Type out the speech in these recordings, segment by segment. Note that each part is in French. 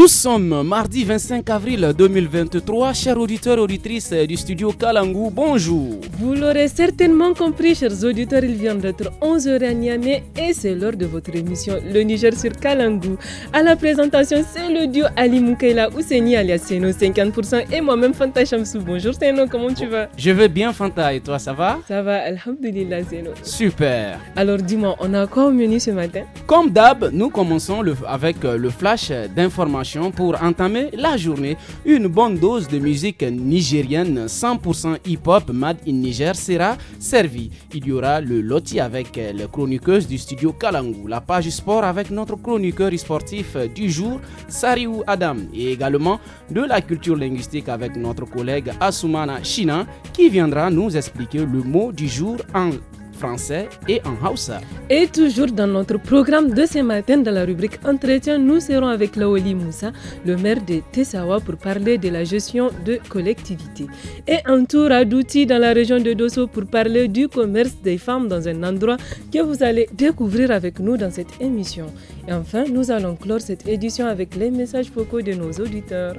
No sommes mardi 25 avril 2023. Chers auditeurs et auditrices du studio Kalangou, bonjour. Vous l'aurez certainement compris, chers auditeurs, il vient d'être 11h à Niamey et c'est l'heure de votre émission Le Niger sur Kalangu À la présentation, c'est le duo Ali Moukaila Ouseni alias Seno 50% et moi-même Fanta Chamsou. Bonjour Seno, comment tu vas Je vais bien Fanta et toi, ça va Ça va, Alhamdulillah Seno. Super. Alors dis-moi, on a quoi au menu ce matin Comme d'hab, nous commençons avec euh, le flash d'informations pour entamer la journée. Une bonne dose de musique nigérienne 100% hip-hop Mad in Niger sera servie. Il y aura le loti avec les chroniqueuse du studio Kalangu, la page sport avec notre chroniqueur sportif du jour, Sariou Adam, et également de la culture linguistique avec notre collègue Asumana China qui viendra nous expliquer le mot du jour en français et en Hausa. Et toujours dans notre programme de ce matin, dans la rubrique Entretien, nous serons avec Laoli Moussa, le maire de Tessawa, pour parler de la gestion de collectivité. Et un tour à Douti, dans la région de Dosso, pour parler du commerce des femmes dans un endroit que vous allez découvrir avec nous dans cette émission. Et enfin, nous allons clore cette édition avec les messages focaux de nos auditeurs.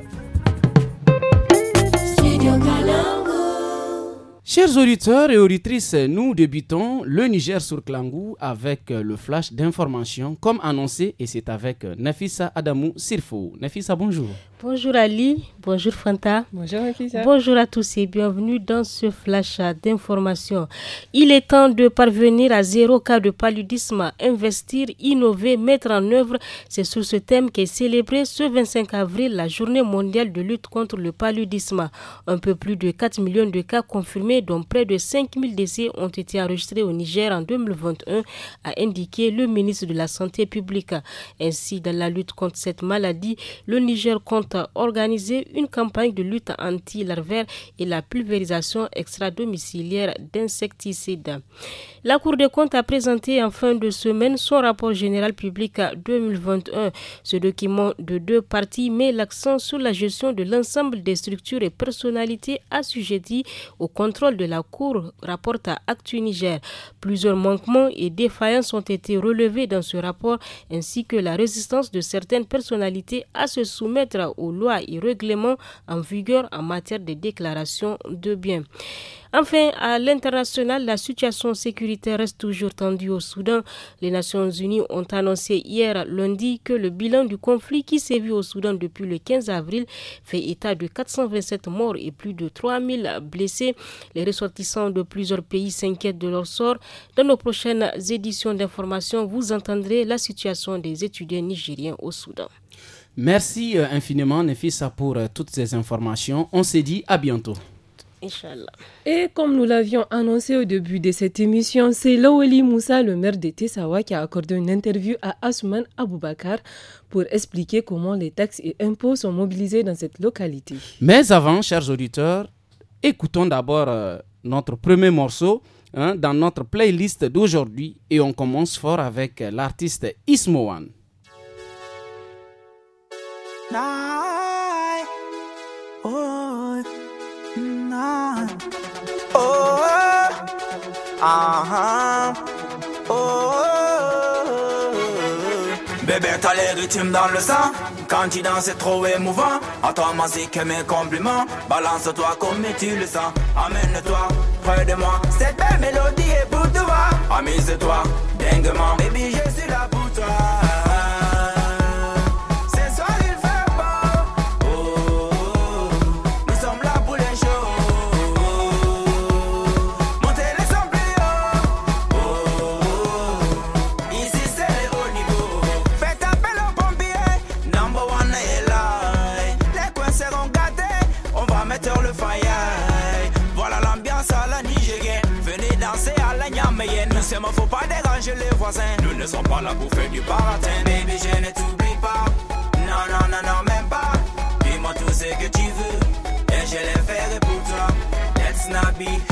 Chers auditeurs et auditrices, nous débutons le Niger sur Klangou avec le flash d'information comme annoncé et c'est avec Nafissa Adamou Sirfo. Nafissa, bonjour. Bonjour Ali, Bonjour Fanta. Bonjour Bonjour à tous et bienvenue dans ce flash d'information. Il est temps de parvenir à zéro cas de paludisme, investir, innover, mettre en œuvre. C'est sur ce thème qu'est célébré ce 25 avril la journée mondiale de lutte contre le paludisme. Un peu plus de 4 millions de cas confirmés, dont près de 5000 décès ont été enregistrés au Niger en 2021, a indiqué le ministre de la Santé publique. Ainsi, dans la lutte contre cette maladie, le Niger compte organiser une campagne de lutte anti-larvaire et la pulvérisation extra-domiciliaire d'insecticides. La Cour des comptes a présenté en fin de semaine son rapport général public à 2021. Ce document de deux parties met l'accent sur la gestion de l'ensemble des structures et personnalités assujetties au contrôle de la Cour, rapporte à Actu Niger. Plusieurs manquements et défaillances ont été relevés dans ce rapport, ainsi que la résistance de certaines personnalités à se soumettre aux lois et règlements en vigueur en matière de déclaration de biens. Enfin, à l'international, la situation sécuritaire reste toujours tendue au Soudan. Les Nations Unies ont annoncé hier lundi que le bilan du conflit qui sévit au Soudan depuis le 15 avril fait état de 427 morts et plus de 3000 blessés. Les ressortissants de plusieurs pays s'inquiètent de leur sort. Dans nos prochaines éditions d'information, vous entendrez la situation des étudiants nigériens au Soudan. Merci euh, infiniment, Nefissa, pour euh, toutes ces informations. On se dit à bientôt. Et comme nous l'avions annoncé au début de cette émission, c'est Laweli Moussa, le maire de Tessawa, qui a accordé une interview à Asman Aboubakar pour expliquer comment les taxes et impôts sont mobilisés dans cette localité. Mais avant, chers auditeurs, écoutons d'abord euh, notre premier morceau hein, dans notre playlist d'aujourd'hui et on commence fort avec euh, l'artiste Ismoan. Oh, ah, oh. Bébé, t'as les rythmes dans le sang. Quand tu danses, c'est trop émouvant. Attends ma musique mes compliments. Balance-toi comme tu le sens. Amène-toi près de moi. Cette belle mélodie est pour toi. Amuse-toi, dinguement. Baby, je suis là pour toi. Nous ne sommes pas là pour faire du baratin. Baby, je ne t'oublie pas. Non, non, non, non, même pas. Dis-moi tout ce que tu veux. Et je le ferai pour toi. Let's not be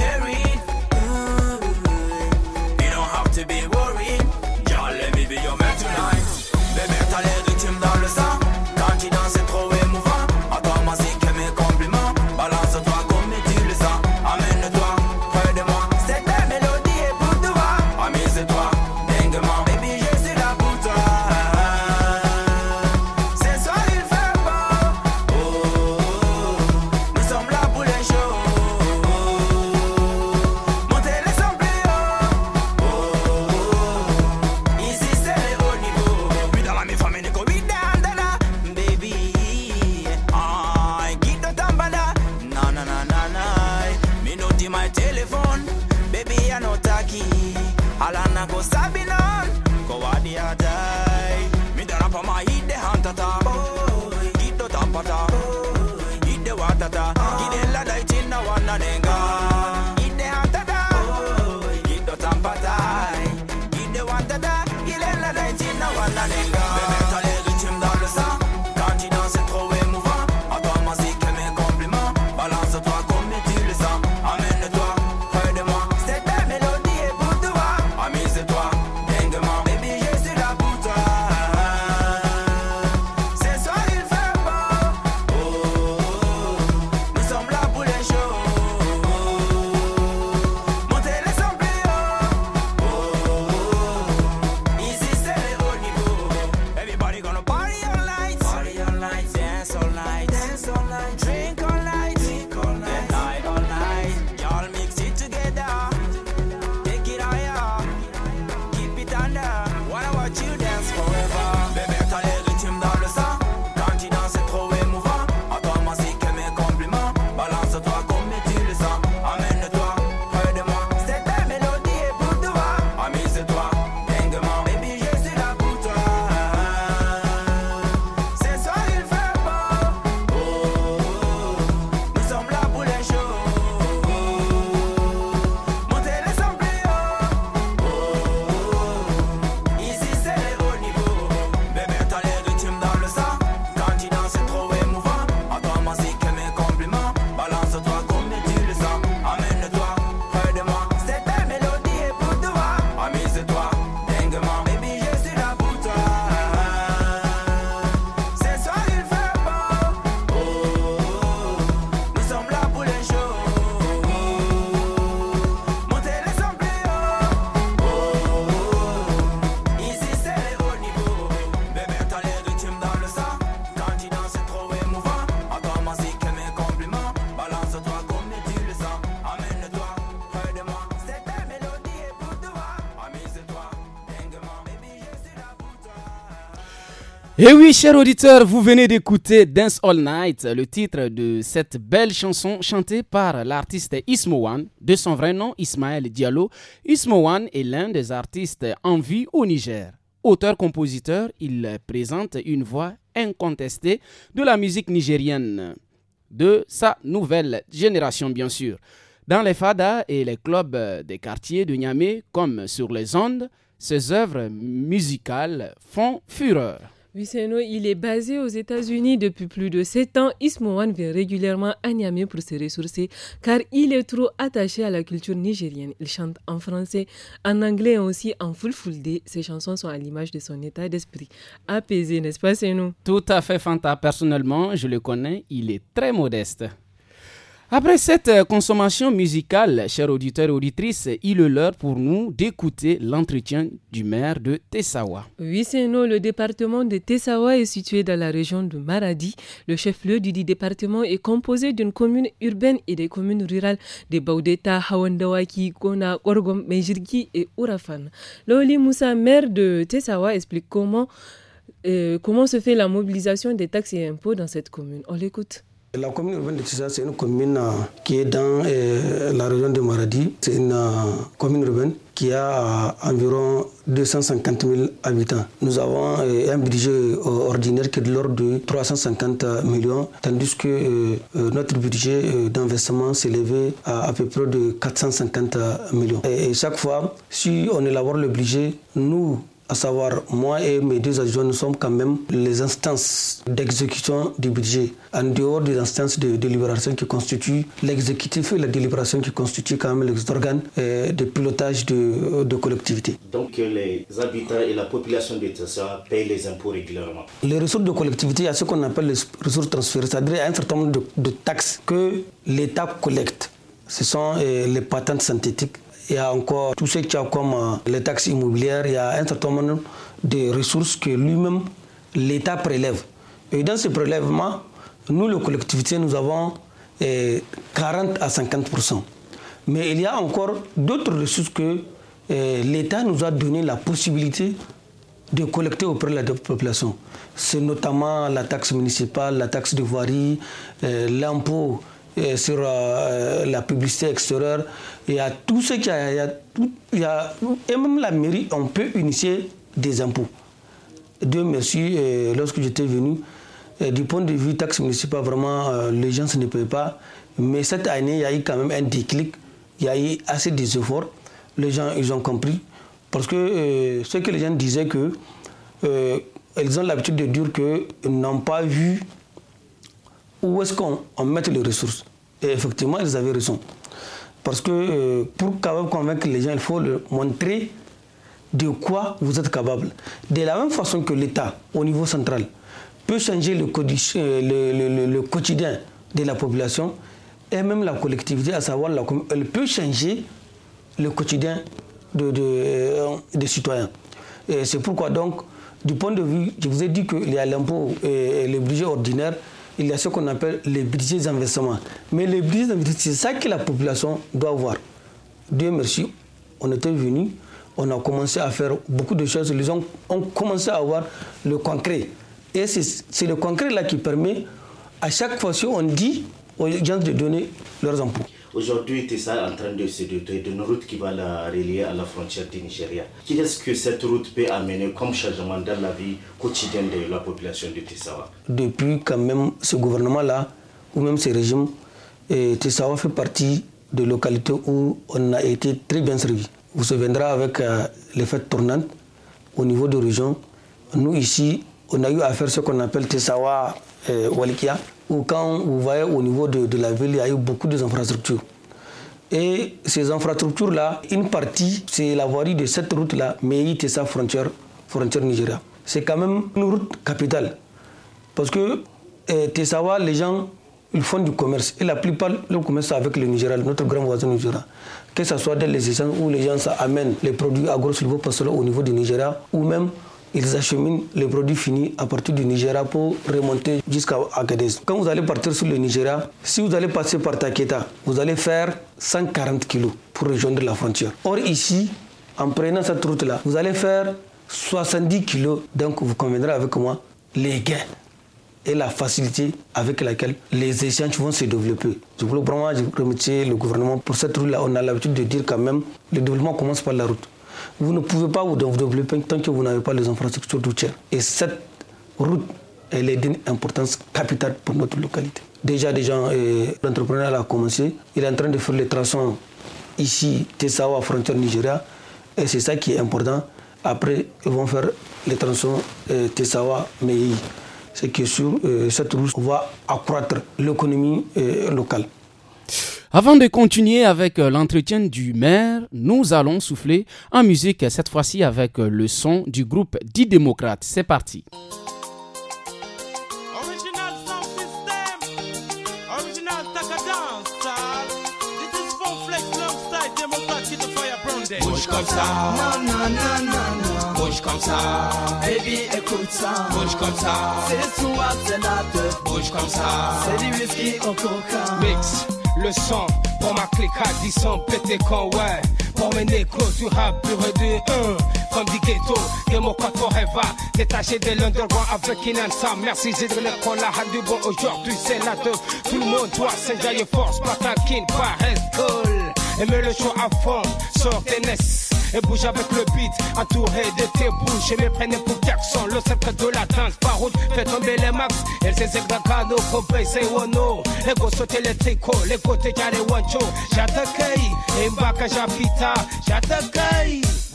Et eh oui, chers auditeurs, vous venez d'écouter Dance All Night, le titre de cette belle chanson chantée par l'artiste One, de son vrai nom Ismaël Diallo. Ismowan est l'un des artistes en vie au Niger. Auteur-compositeur, il présente une voix incontestée de la musique nigérienne, de sa nouvelle génération bien sûr. Dans les fadas et les clubs des quartiers de Niamey, comme sur les ondes, ses œuvres musicales font fureur nous. il est basé aux États-Unis depuis plus de 7 ans. Ismoan vient régulièrement à Niamey pour se ressourcer car il est trop attaché à la culture nigérienne. Il chante en français, en anglais et aussi en full day Ses chansons sont à l'image de son état d'esprit. Apaisé, n'est-ce pas, nous Tout à fait, Fanta. Personnellement, je le connais, il est très modeste. Après cette euh, consommation musicale, chers auditeurs et auditrices, il est l'heure pour nous d'écouter l'entretien du maire de Tessawa. Oui, c'est nous. Le département de Tessawa est situé dans la région de Maradi. Le chef-lieu du département est composé d'une commune urbaine et des communes rurales de Baudeta, Hawandawaki, Kona, Orgom, Mejirki et Ourafan. Loli Moussa, maire de Tessawa, explique comment, euh, comment se fait la mobilisation des taxes et impôts dans cette commune. On l'écoute. La commune urbaine de Tissa, c'est une commune euh, qui est dans euh, la région de Maradi. C'est une euh, commune urbaine qui a environ 250 000 habitants. Nous avons un budget ordinaire qui est de l'ordre de 350 millions, tandis que notre budget d'investissement s'est à à peu près de 450 millions. Et chaque fois, si on élabore le budget, nous, à savoir moi et mes deux adjoints, nous sommes quand même les instances d'exécution du budget, en dehors des instances de délibération qui constituent l'exécutif et la délibération qui constitue quand même les organes euh, de pilotage de, euh, collectivité. Donc les habitants et la population de Tessa payent les impôts régulièrement. Les ressources de collectivité, il y a ce qu'on appelle les ressources transférées, c'est-à-dire un certain nombre de taxes que l'État collecte. Ce sont euh, les patentes synthétiques il y a encore tout ce qui a comme euh, les taxes immobilières, il y a un certain nombre de ressources que lui-même, l'État prélève. Et dans ce prélèvement, nous, les collectivités, nous avons 40 eh, à 50 Mais il y a encore d'autres ressources que eh, l'État nous a donné la possibilité de collecter auprès de la population. C'est notamment la taxe municipale, la taxe de voirie, eh, l'impôt sur euh, la publicité extérieure, il y a tout ce qui a, y a, et même la mairie, on peut initier des impôts. Deux messieurs, lorsque j'étais venu, euh, du point de vue taxe municipale, vraiment, euh, les gens ne payaient pas. Mais cette année, il y a eu quand même un déclic, il y a eu assez d'efforts. Les gens, ils ont compris. Parce que euh, ce que les gens disaient que, ils ont l'habitude de dire qu'ils n'ont pas vu où est-ce qu'on met les ressources. Et effectivement, ils avaient raison. Parce que euh, pour convaincre les gens, il faut leur montrer de quoi vous êtes capable. De la même façon que l'État, au niveau central, peut changer le, euh, quotidien de la population, et même la collectivité, à savoir, la, elle peut changer le quotidien euh, des citoyens. c'est pourquoi donc, du point de vue, je vous ai dit que les impôts l'impôt et le budget ordinaire, il y a ce qu'on appelle les budgets d'investissement. Mais les budgets d'investissement, c'est ça que la population doit voir. Dieu merci, on était venu, on a commencé à faire beaucoup de choses. Les gens ont commencé à avoir le concret. Et c'est le concret là qui permet, à chaque fois, si on dit aux gens de donner leurs impôts. Aujourd'hui, Tessa est en train de se doter d'une route qui va la relier à la frontière du Nigeria. Qu'est-ce que cette route peut amener comme changement dans la vie quotidienne de la population de Tessawa Depuis quand même ce gouvernement-là, ou même ce régime, Tessawa fait partie de localités où on a été très bien servi. Vous souviendrez avec euh, les fêtes tournantes au niveau de région. Nous ici, on a eu à faire ce qu'on appelle Tessawa euh, Walikia où quand vous voyez au niveau de, de la ville, il y a eu beaucoup d'infrastructures. Et ces infrastructures-là, une partie, c'est la voirie de cette route-là, mais tessa sa frontière, frontière Nigeria. C'est quand même une route capitale. Parce que eh, Tessawa, les gens, ils font du commerce. Et la plupart, le commerce avec le Nigeria, notre grand voisin Nigeria. Que ce soit dans les essences où les gens ça amènent les produits à agro parce au niveau du Nigeria, ou même ils acheminent les produits finis à partir du Nigeria pour remonter jusqu'à Agadez. Quand vous allez partir sur le Nigeria, si vous allez passer par Taketa, vous allez faire 140 kg pour rejoindre la frontière. Or ici, en prenant cette route-là, vous allez faire 70 kg. Donc vous conviendrez avec moi les gains et la facilité avec laquelle les échanges vont se développer. Je voulais vraiment remercier le gouvernement pour cette route-là. On a l'habitude de dire quand même, le développement commence par la route. Vous ne pouvez pas vous développer tant que vous n'avez pas les infrastructures routières. Et cette route, elle est d'une importance capitale pour notre localité. Déjà, déjà, gens, euh, l'entrepreneur a commencé. Il est en train de faire les traçons ici, Tessawa, frontière Nigeria. Et c'est ça qui est important. Après, ils vont faire les traçons euh, Tessawa, Mei. C'est que sur euh, cette route, on va accroître l'économie locale. Avant de continuer avec euh, l'entretien du maire, nous allons souffler en musique, cette fois-ci avec euh, le son du groupe Dix démocrates. C'est parti le sang. Pour ma clique à 10 ans, pété quand ouais. Pour mes négros du rap pur du 1. Comme dit ghetto, que mon corps va, Détaché de l'underground avec Inansa. Merci, j'ai donné qu'on la du bon. Aujourd'hui, c'est la teuf. Tout le monde doit s'enjailler force. Pataquine, paresse, goal et mets le show à fond, sors tes nesses et bouge avec le beat, entouré de tes bouches et me prenez pour Jackson, le secret de la danse, par route, fais tomber les max, elle s'est zégragano, compé, c'est wono, les go sauter les tricots, les côtés carré wancho, j'attaqueille, et mbaka j'habita, J'attaque.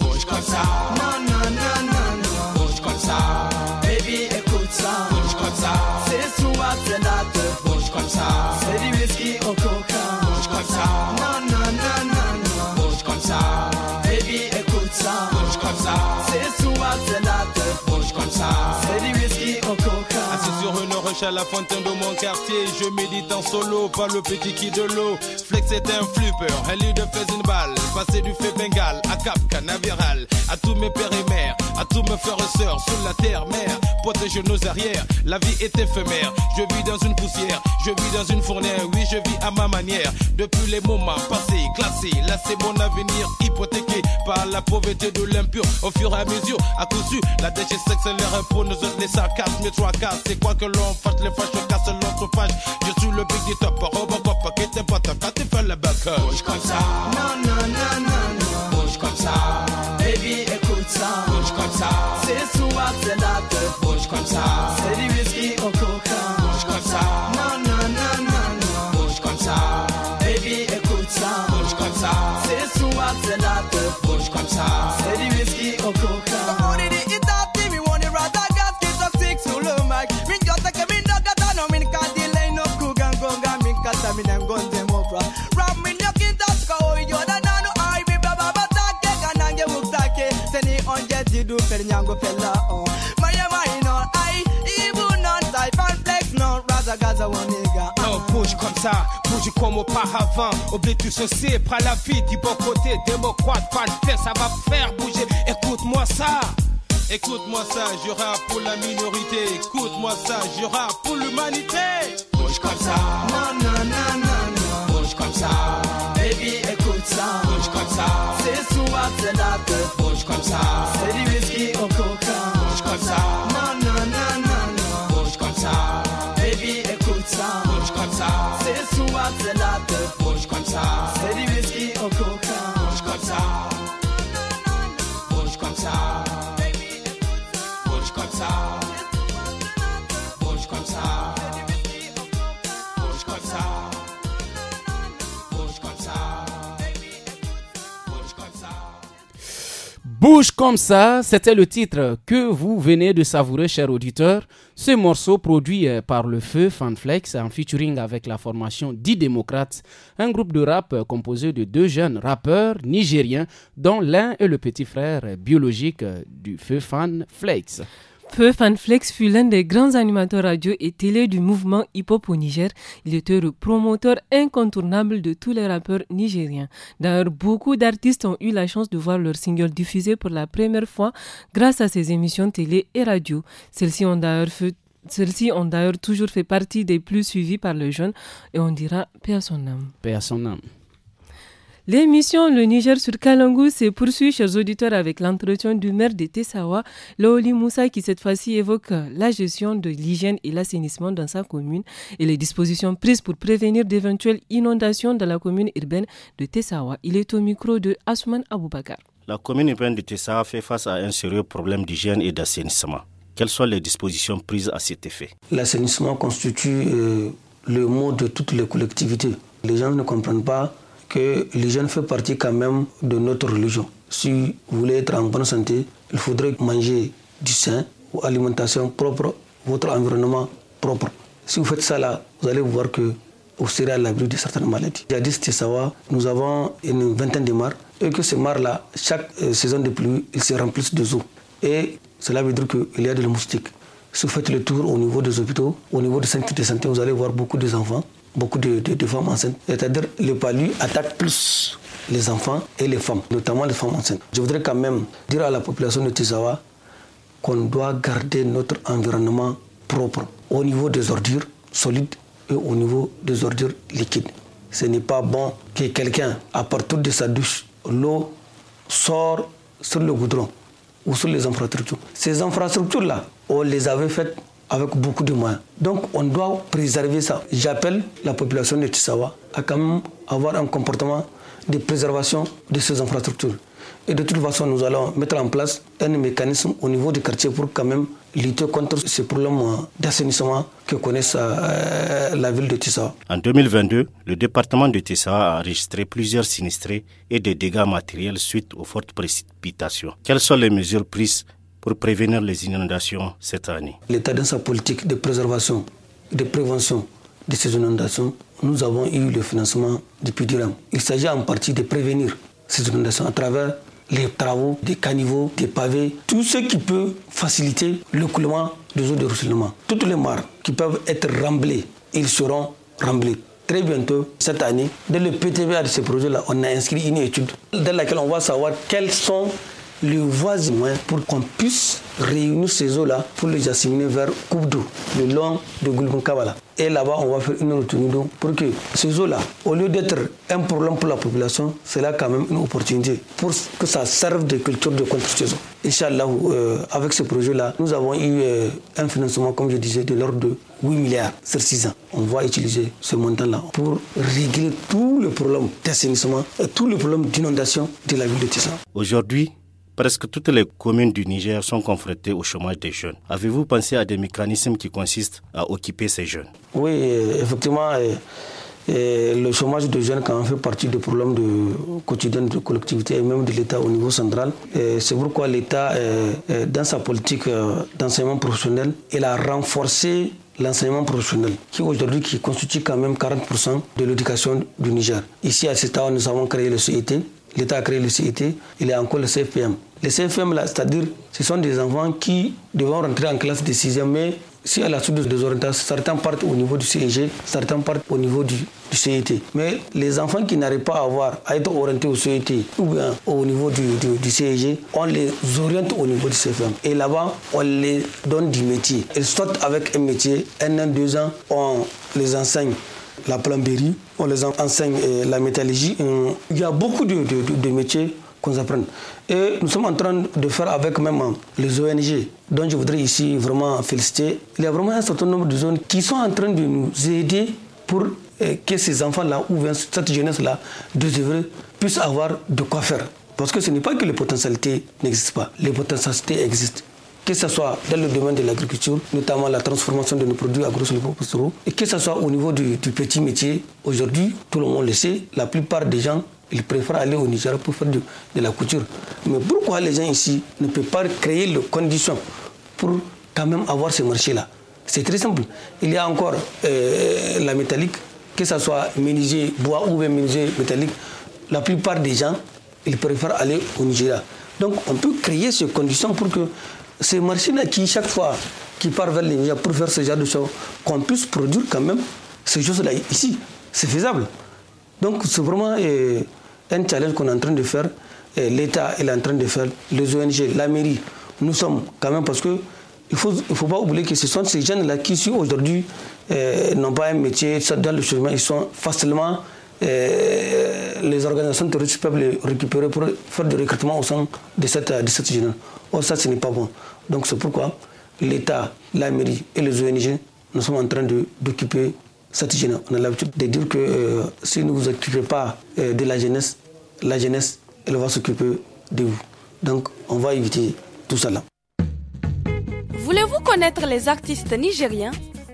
Bouge comme ça, non, non, non, non, non, bouge comme ça, baby écoute ça, bouge comme ça, c'est sous la bouge comme ça. à la fontaine de mon quartier. Je médite en solo, pas le petit qui de l'eau. Flex est un flipper, un de de une balle. Passer du fait bengal à Cap Canaveral, à tous mes pères et mères à tout me faire et sœurs sous la terre mère. Protège nos arrières, la vie est éphémère. Je vis dans une poussière, je vis dans une fournaise. Oui, je vis à ma manière. Depuis les moments passés, classés, là c'est mon avenir hypothéqué par la pauvreté de l'impur. Au fur et à mesure, à coup sûr, la déchet s'accélère pour nous autres les sarcasmes. Mais trois cas, c'est quoi que l'on fasse, les fâches, se casse l'autre fâche. Je suis le big du top, robocop, oh, qui t'es pas ta t'es fait la bac. Bouge comme ça, non, non, non, non, non, bouge comme ça, baby, comme ça. Bouge comme c'est la teuf. C'est du whisky au coca. Bouge comme Non, non, non, non, non. Baby, écoute ça. Bouge comme ça. Ce soir, c'est la teuf. Bouge comme ça. C'est du whisky au got no can't delay no got nyango oh. on gaza one nigga ah. bouge comme ça bouge comme auparavant oublie tout ceci prends la vie du bon côté démocrate pas le fait ça va faire bouger écoute-moi ça Écoute-moi ça, je pour la minorité. Écoute-moi ça, je pour l'humanité. Bouge comme ça. Non, non, non, non, Bouge comme ça. Baby, écoute ça. Bouge comme ça. C'est soit c'est la Bouge comme ça. C'est push, comme ça. Bouge comme ça, c'était le titre que vous venez de savourer, cher auditeur. Ce morceau produit euh, par le feu Fanflex en featuring avec la formation 10 démocrates, un groupe de rap euh, composé de deux jeunes rappeurs nigériens dont l'un est le petit frère biologique euh, du feu Fanflex peu, Fanflex fut l'un des grands animateurs radio et télé du mouvement hip-hop au Niger. Il était le promoteur incontournable de tous les rappeurs nigériens. D'ailleurs, beaucoup d'artistes ont eu la chance de voir leur single diffusé pour la première fois grâce à ses émissions télé et radio. Celles-ci ont d'ailleurs celles-ci ont d'ailleurs toujours fait partie des plus suivies par le jeune et on dira paix à son âme. Paix à son âme. L'émission Le Niger sur Kalangou se poursuit, chers auditeurs, avec l'entretien du maire de Tessawa, Laoli Moussa, qui cette fois-ci évoque la gestion de l'hygiène et l'assainissement dans sa commune et les dispositions prises pour prévenir d'éventuelles inondations dans la commune urbaine de Tessawa. Il est au micro de Asman Aboubakar. La commune urbaine de Tessawa fait face à un sérieux problème d'hygiène et d'assainissement. Quelles sont les dispositions prises à cet effet L'assainissement constitue euh, le mot de toutes les collectivités. Les gens ne comprennent pas que jeunes fait partie quand même de notre religion. Si vous voulez être en bonne santé, il faudrait manger du sain, alimentation propre, votre environnement propre. Si vous faites ça là, vous allez voir que vous serez à l'abri de certaines maladies. 10 Tissawa, nous avons une vingtaine de mares et que ces mares-là, chaque euh, saison de pluie, ils se remplissent de eau. Et cela veut dire qu'il y a de la moustique. Si vous faites le tour au niveau des hôpitaux, au niveau des centres de santé, vous allez voir beaucoup d'enfants beaucoup de, femmes enceintes. C'est-à-dire le palu attaque plus les enfants et les femmes, notamment les femmes enceintes. Je voudrais quand même dire à la population de Tizawa qu'on doit garder notre environnement propre au niveau des ordures solides et au niveau des ordures liquides. Ce n'est pas bon que quelqu'un, à partir de sa douche, l'eau sort sur le goudron ou sur les infrastructures. Ces infrastructures-là, on les avait faites avec beaucoup de moyens. Donc on doit préserver ça. J'appelle la population de Tissawa à quand même avoir un comportement de préservation de ces infrastructures. Et de toute façon, nous allons mettre en place un mécanisme au niveau du quartier pour quand même lutter contre ce problème d'assainissement que connaissent euh, la ville de Tissawa. En 2022, le département de Tissawa a enregistré plusieurs sinistrés et des dégâts matériels suite aux fortes précipitations. Quelles sont les mesures prises pour prévenir les inondations cette année L'État dans sa politique de préservation, de prévention de ces inondations, nous avons eu le financement depuis Durham. Il s'agit en partie de prévenir ces inondations à travers les travaux des caniveaux, des pavés, tout ce qui peut faciliter le coulement des eaux de ruissellement. Toutes les marques qui peuvent être remblées, ils seront remblées Très bientôt, cette année, dans le PTBA de ce projet-là, on a inscrit une étude dans laquelle on va savoir quels sont les voisin hein, pour qu'on puisse réunir ces eaux-là pour les asséminer vers d'eau, le long de Goulbon-Kabala. Et là-bas, on va faire une retenue pour que ces eaux-là, au lieu d'être un problème pour la population, c'est là quand même une opportunité pour que ça serve de culture de contre-saison. Inch'Allah, euh, avec ce projet-là, nous avons eu euh, un financement, comme je disais, de l'ordre de 8 milliards sur 6 ans. On va utiliser ce montant-là pour régler tout le problème d'assainissement, et tout le problème d'inondation de la ville de Tissan. Aujourd'hui, Presque toutes les communes du Niger sont confrontées au chômage des jeunes. Avez-vous pensé à des mécanismes qui consistent à occuper ces jeunes Oui, effectivement, le chômage des jeunes quand fait partie du problèmes de, quotidien de collectivité et même de l'État au niveau central. C'est pourquoi l'État, dans sa politique euh, d'enseignement professionnel, il a renforcé l'enseignement professionnel, qui aujourd'hui constitue quand même 40% de l'éducation du Niger. Ici à CETA, nous avons créé le CET, l'État a créé le CIT, il y a encore le CFPM. Les CFM, c'est-à-dire, ce sont des enfants qui devront rentrer en classe de 6e, mais si à la suite des orientations, certains partent au niveau du CIG, certains partent au niveau du, du Mais les enfants qui n'arrivent pas à avoir, à être orientés au CET ou bien au niveau du, du, du on les oriente au niveau du CFM. Et là-bas, on les donne du métier. Ils sortent avec un métier, un an, deux ans, on les enseigne la plomberie, on les enseigne euh, la métallurgie. Euh, il y a beaucoup de, métiers qu'on apprend. Et nous sommes en train de faire avec même euh, les ONG, dont je voudrais ici vraiment féliciter. Il y a vraiment un certain nombre de zones qui sont en train de nous aider pour que ces enfants-là, ou cette jeunesse-là, de puissent avoir de quoi faire. Parce que ce n'est pas que les potentialités n'existent pas, les potentialités existent que ce soit dans le domaine de l'agriculture, notamment la transformation de nos produits agro niveau, et que ce soit au niveau du, petit métier. Aujourd'hui, tout le monde le sait, la plupart des gens ils préfèrent aller au Niger pour faire de, la couture. Mais pourquoi les gens ici ne peuvent pas créer les conditions pour quand même avoir ce marché-là C'est très simple. Il y a encore euh, la métallique, que ce soit ménager bois ou ménager métallique. La plupart des gens, ils préfèrent aller au Nigeria. Donc on peut créer ces conditions pour que ces marchés-là qui, chaque fois, qui partent vers les pour faire ce genre de choses, qu'on puisse produire quand même ces choses-là ici. C'est faisable. Donc c'est vraiment eh, un challenge qu'on est en train de faire. Eh, L'État est en train de faire, les ONG, la mairie. Nous sommes quand même parce que il faut, il faut pas oublier que ce sont ces jeunes-là qui, aujourd'hui, eh, n'ont pas un métier, dans le chemin, ils sont facilement euh, les organisations terroristes peuvent les récupérer pour faire du recrutement au sein de cette, euh, de ça, ce n'est pas bon. Donc, c'est pourquoi l'État, la mairie et les ONG, nous sommes en train d'occuper cette jeunesse. On a l'habitude de dire que si euh, si ne vous occupez pas de la jeunesse, la jeunesse, elle va s'occuper de vous. Donc, on va éviter tout cela. Voulez-vous connaître les artistes nigériens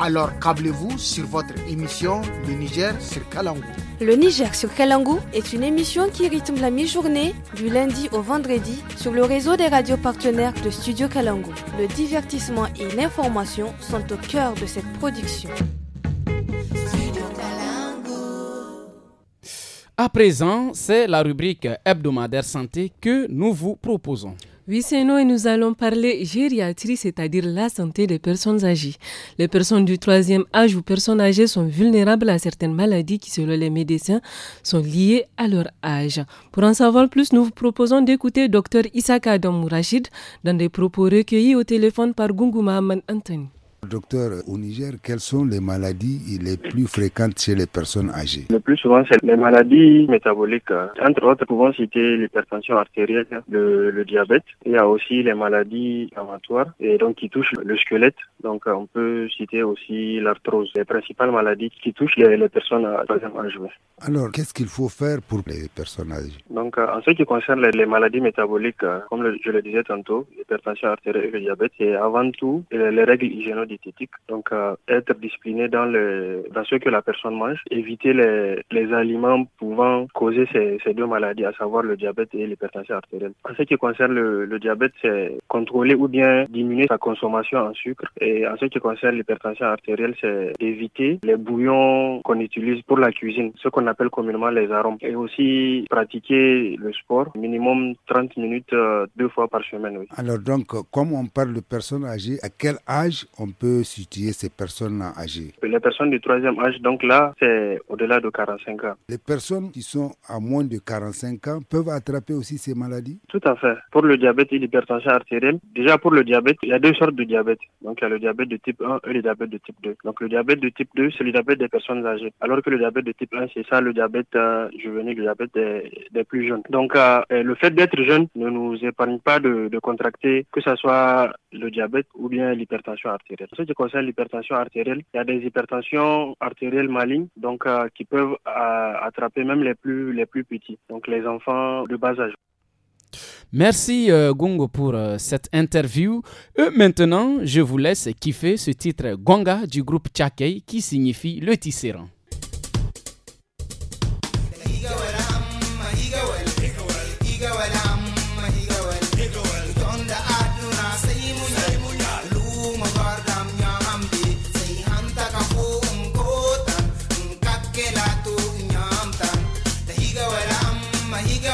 alors câblez-vous sur votre émission Le Niger sur Kalangou. Le Niger sur Kalangou est une émission qui rythme la mi-journée du lundi au vendredi sur le réseau des radios partenaires de Studio Kalangou. Le divertissement et l'information sont au cœur de cette production. À présent, c'est la rubrique hebdomadaire santé que nous vous proposons. Oui, c'est nous et nous allons parler gériatrie, c'est-à-dire la santé des personnes âgées. Les personnes du troisième âge ou personnes âgées sont vulnérables à certaines maladies qui, selon les médecins, sont liées à leur âge. Pour en savoir plus, nous vous proposons d'écouter Dr Isaka Adam Mourachid dans des propos recueillis au téléphone par Gungu Mahaman Anthony. Docteur, au Niger, quelles sont les maladies les plus fréquentes chez les personnes âgées Le plus souvent, c'est les maladies métaboliques. Entre autres, pouvons citer l'hypertension artérielle, le, diabète. Il y a aussi les maladies inflammatoires et donc qui touchent le squelette. Donc, on peut citer aussi l'arthrose, les principales maladies qui touchent les, personnes âgées. Alors, qu'est-ce qu'il faut faire pour les personnes âgées Donc, euh, en ce qui concerne les, maladies métaboliques, euh, comme je le disais tantôt, l'hypertension artérielle et le diabète, c'est avant tout les règles hygiéniques diététique. Donc, euh, être discipliné dans, le, dans ce que la personne mange, éviter les, les aliments pouvant causer ces, ces, deux maladies, à savoir le diabète et l'hypertension artérielle. En ce qui concerne le, le diabète, c'est contrôler ou bien diminuer sa consommation en sucre. Et en ce qui concerne l'hypertension artérielle, c'est éviter les bouillons qu'on utilise pour la cuisine, ce qu'on appelle communément les arômes. Et aussi pratiquer le sport, minimum 30 minutes euh, deux fois par semaine. Oui. Alors donc, euh, comme on parle de personnes âgées, à quel âge on peut situer ces personnes âgées Les personnes du troisième âge, donc là, c'est au-delà de 45 ans. Les personnes qui sont à moins de 45 ans peuvent attraper aussi ces maladies Tout à fait. Pour le diabète et l'hypertension artérielle, déjà pour le diabète, il y a deux sortes de diabète. Donc il y a le diabète de type 1 et le diabète de type 2. Donc le diabète de type 2, c'est le diabète des personnes âgées. Alors que le diabète de type 1, c'est ça le diabète euh, juvénile, le diabète des, plus jeunes. Donc euh, le fait d'être jeune ne nous épargne pas de, de contracter que ce soit le diabète ou bien l'hypertension artérielle ce qui concerne l'hypertension artérielle, il y a des hypertensions artérielles malignes donc euh, qui peuvent euh, attraper même les plus les plus petits, donc les enfants de bas âge. Merci euh, Gungo pour cette interview. maintenant, je vous laisse kiffer ce titre Gonga du groupe Tchakei qui signifie le tisserand.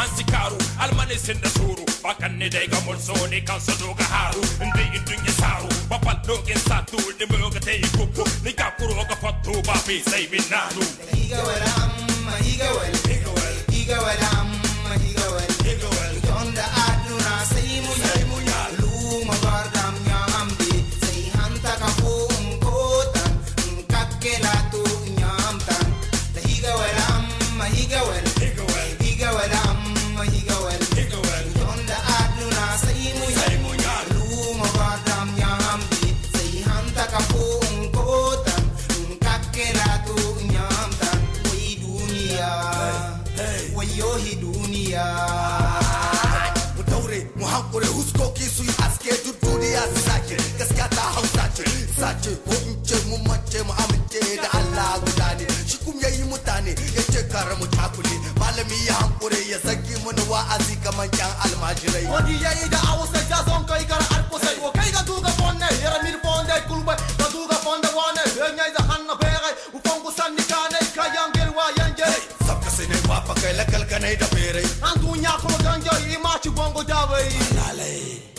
hansikaaru almane sinna suuru bakkanne dayga molsooni kanso dooga haaru nde indunye saaru babal doogen saatu ni mooga tayi gubbu ni gakkurooga fottu baabi saybi naanu igawal amma igawal igawal igawal amma ce ko in ce mu mace mu amince da Allah guda ne shi kum yayi mutane ya ce kare mu takule malami ya hankure ya saki mana wa'azi kamar yan almajirai wani yayi da awusa ja son kai kar alkusai ko kai ga duga fonne yara mil fonde kulba ga duga fonde wane yanyai da hanna bere u fongu sanni kane kayan gerwa yanje sabka sine wapa kai lakal kanai da bere an dunya ko ganja ima ci bongo dawai lalai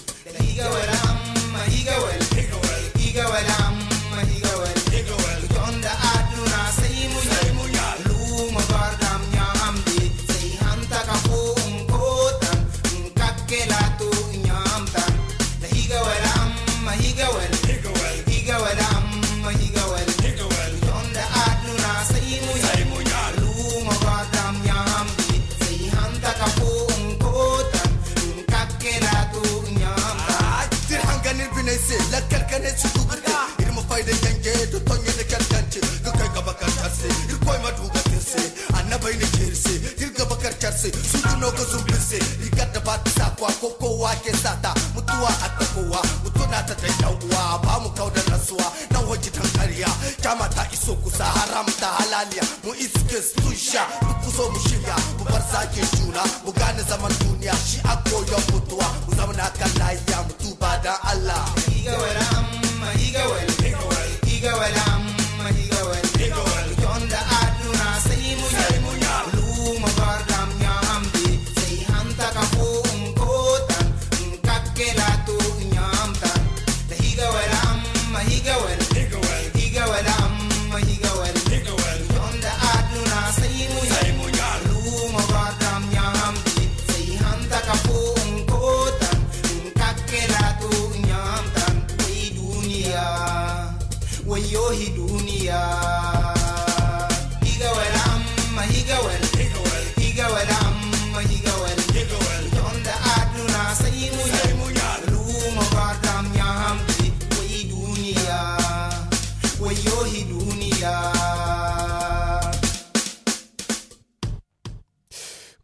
ko kowa ke sata mutuwa a takowa mutuna ta ta yan uwa ba mu kau da rasuwa na wajitan karya kyama ta iso kusa haram ta halaliya mu iske sun sha mu kuso mu shirya mu bar sake juna mu gane zaman duniya shi a koyon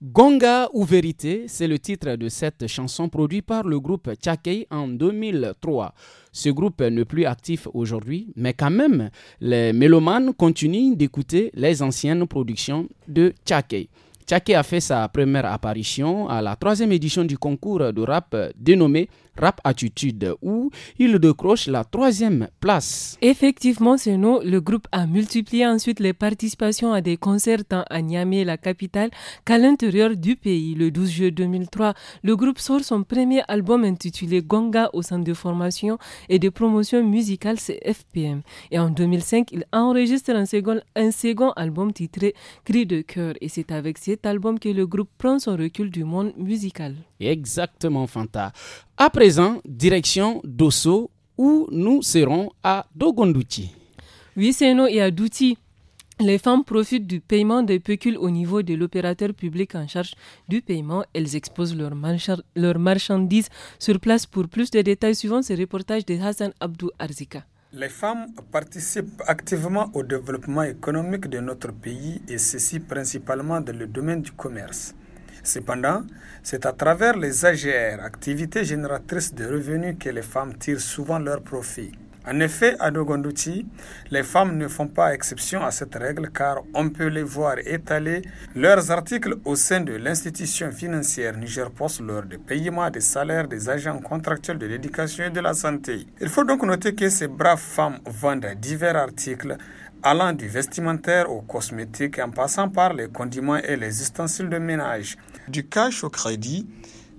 Gonga ou Vérité, c'est le titre de cette chanson produite par le groupe Tchakei en 2003. Ce groupe n'est plus actif aujourd'hui, mais quand même, les mélomanes continuent d'écouter les anciennes productions de Tchakei. Tchakei a fait sa première apparition à la troisième édition du concours de rap dénommé Rap Attitude, où il décroche la troisième place. Effectivement, nous. le groupe a multiplié ensuite les participations à des concerts tant à Niamey, la capitale, qu'à l'intérieur du pays. Le 12 juillet 2003, le groupe sort son premier album intitulé Gonga au centre de formation et de promotion musicale CFPM. Et en 2005, il enregistre un second, un second album titré Cri de cœur. Et c'est avec cet album que le groupe prend son recul du monde musical. Exactement, Fanta. À présent, direction Dosso, où nous serons à Dogondouti. Oui, c'est nous et à Douti. Les femmes profitent du paiement des pécules au niveau de l'opérateur public en charge du paiement. Elles exposent leurs, leurs marchandises sur place. Pour plus de détails, suivant ce reportage de Hassan Abdou Arzika. Les femmes participent activement au développement économique de notre pays et ceci principalement dans le domaine du commerce. Cependant, c'est à travers les AGR, activités génératrices de revenus, que les femmes tirent souvent leur profit. En effet, à Dogondouti, les femmes ne font pas exception à cette règle car on peut les voir étaler leurs articles au sein de l'institution financière Niger Post lors des paiements des salaires des agents contractuels de l'éducation et de la santé. Il faut donc noter que ces braves femmes vendent divers articles allant du vestimentaire au cosmétique en passant par les condiments et les ustensiles de ménage. Du cash au crédit,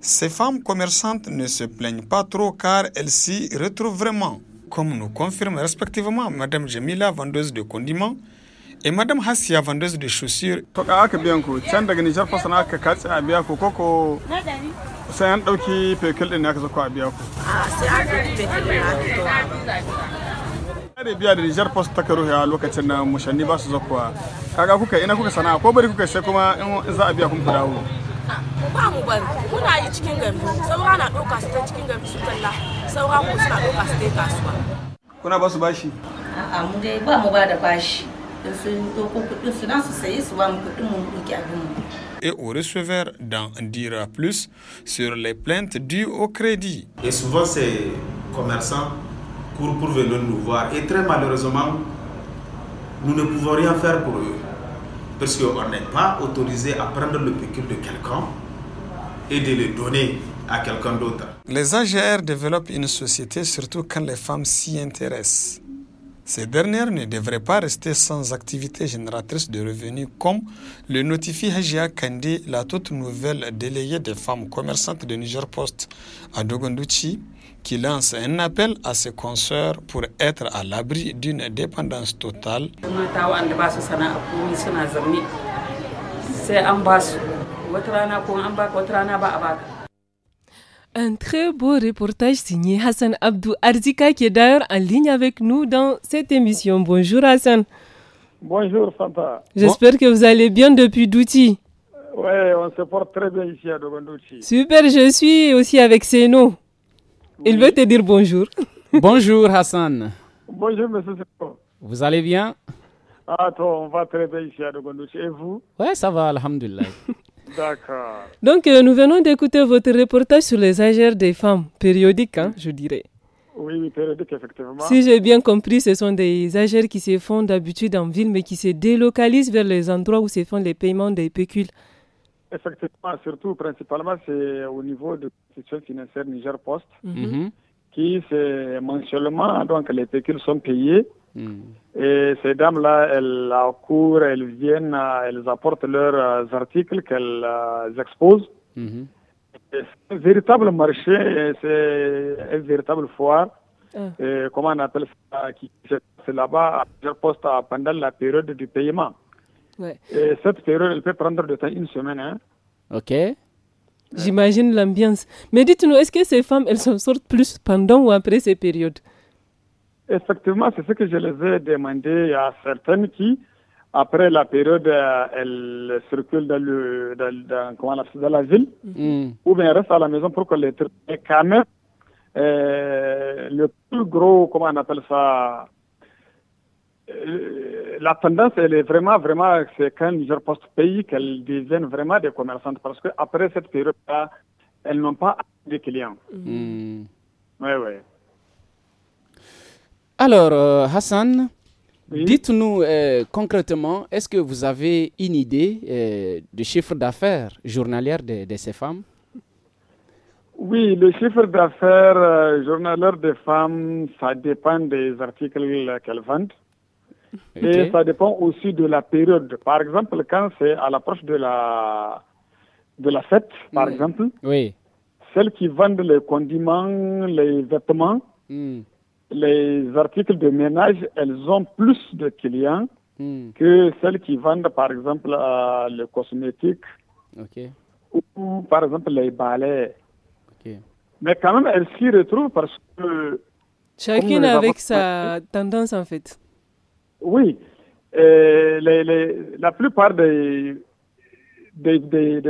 ces femmes commerçantes ne se plaignent pas trop car elles s'y retrouvent vraiment, comme nous confirme respectivement Mme Jemila, vendeuse de condiments, et Mme Hassia, vendeuse de chaussures. Kare biya da Nijar Post ta karo ya lokacin na ah, ah, mushanni ba su zakkuwa. Kaga kuka ina kuka sana'a ko bari kuka sai kuma in za a biya kun ku dawo. Ba mu bari muna yi cikin gambi saura na ɗauka su ta cikin gambi su talla saura ko suna ɗauka su ta kasuwa. Kuna ba su bashi? A'a mu dai ba mu ba da bashi. Ils et au receveur dans dira plus sur les plaintes dues au crédit. Et souvent, ces commerçants pour, venir nous voir. Et très malheureusement, nous ne pouvons rien faire pour eux. Parce qu'on n'est pas autorisé à prendre le pécule de quelqu'un et de le donner à quelqu'un d'autre. Les AGR développent une société surtout quand les femmes s'y intéressent. Ces dernières ne devraient pas rester sans activité génératrice de revenus, comme le notifie Hajia Kandi, la toute nouvelle déléguée des femmes commerçantes de Niger Post à Dogonduchi qui lance un appel à ses consoeurs pour être à l'abri d'une dépendance totale. Un très beau reportage signé Hassan Abdou Arzika qui est d'ailleurs en ligne avec nous dans cette émission. Bonjour Hassan. Bonjour Santa. J'espère que vous allez bien depuis Douti. Oui, on se porte très bien ici à Douti. Super, je suis aussi avec Seno. Il veut te dire bonjour. Bonjour Hassan. Bonjour Monsieur Vous allez bien Ah toi, on va très bien ici à Et vous Ouais, ça va, alhamdulillah. D'accord. Donc euh, nous venons d'écouter votre reportage sur les agères des femmes, périodiques, hein, je dirais. Oui, oui, effectivement. Si j'ai bien compris, ce sont des agères qui se font d'habitude en ville, mais qui se délocalisent vers les endroits où se font les paiements des pécules. Effectivement, surtout, principalement, c'est au niveau de l'institution financière Niger Post, mhm. Mhm. qui, c'est mensuellement, donc les pécules sont payées. Mhm. Et ces dames-là, elles accourent, elles viennent, elles apportent leurs euh, articles qu'elles euh, exposent. C'est un véritable marché, c'est un véritable foire. Ah. comment on appelle ça, qui se passe là-bas, à Niger Post, pendant la période du paiement. Et cette période, elle peut prendre de temps, une semaine. Hein. Ok. J'imagine l'ambiance. Mais dites-nous, est-ce que ces femmes, elles s'en sortent plus pendant ou après ces périodes Effectivement, c'est ce que je les ai demandé à certaines qui, après la période, euh, elles circulent dans, le, dans, la ville mm. ou bien elles restent à la maison pour que les trucs euh, le plus gros, comment on appelle ça, euh, la tendance, elle est vraiment, vraiment, c'est quand Niger post-pays qu'elles deviennent vraiment des commerçantes parce qu'après cette période-là, elles n'ont pas de clients. Hmm. Alors, euh, Hassan, dites-nous euh, concrètement, est-ce que vous avez une idée de du chiffre d'affaires journalière de, de, ces femmes Oui, le chiffre d'affaires journalière des femmes, ça dépend des articles qu'elles vendent. Et ça dépend aussi de la période. Par exemple, quand c'est à l'approche de la, de la fête, par mm. exemple, celles qui vendent les condiments, les vêtements, mm. les articles de ménage, elles ont plus de clients mm. que celles qui vendent, par exemple, les euh, le cosmétique ou, par exemple, les balais. Mais quand même, elles s'y retrouvent parce que... Chacune avec sa tendance, en fait. Oui, euh, la plupart des, des, des,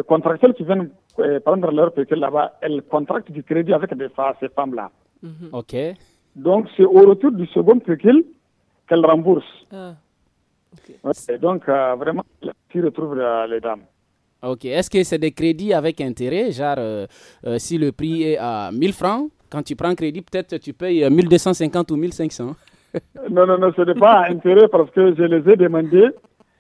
qui viennent euh, prendre leur véhicule là-bas, elles contractent du crédit avec des, ces femmes-là. Mhm. OK. Donc, c'est au retour du second véhicule qu'elles remboursent. Ah, donc, euh, vraiment, tu retrouves les dames. Ok. Est-ce que c'est des crédits avec intérêt Genre, si le prix est à 1000 francs, quand tu prends crédit, peut-être tu payes 1250 ou 1500 non, non, non, ce n'est pas intérêt parce que je les ai demandés.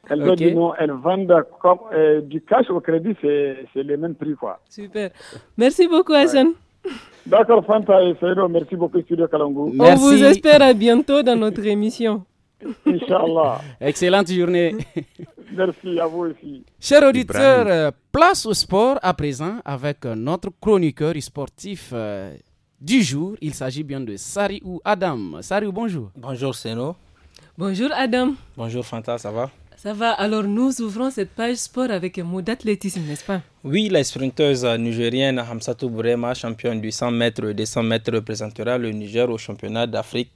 Elles vendent euh, du cash au crédit, c'est les mêmes prix. Quoi. Super. Merci beaucoup, Hassan. D'accord, Fanta et merci beaucoup, Studio Kalangou. On vous espère à bientôt dans notre émission. Inch'Allah. Excellente journée. Merci à vous aussi. Chers auditeurs, euh, place au sport à présent avec euh, notre chroniqueur sportif du jour. Il s'agit bien de Sari ou Adam. Sariou, bonjour. Bonjour Seno. Bonjour Adam. Bonjour Fanta, ça va ça va, alors nous ouvrons cette page sport avec un mot d'athlétisme, n'est-ce pas Oui, la sprinteuse nigérienne Hamsatou Burema, championne du 100 mètres et des 100 mètres, représentera le Niger au championnat d'Afrique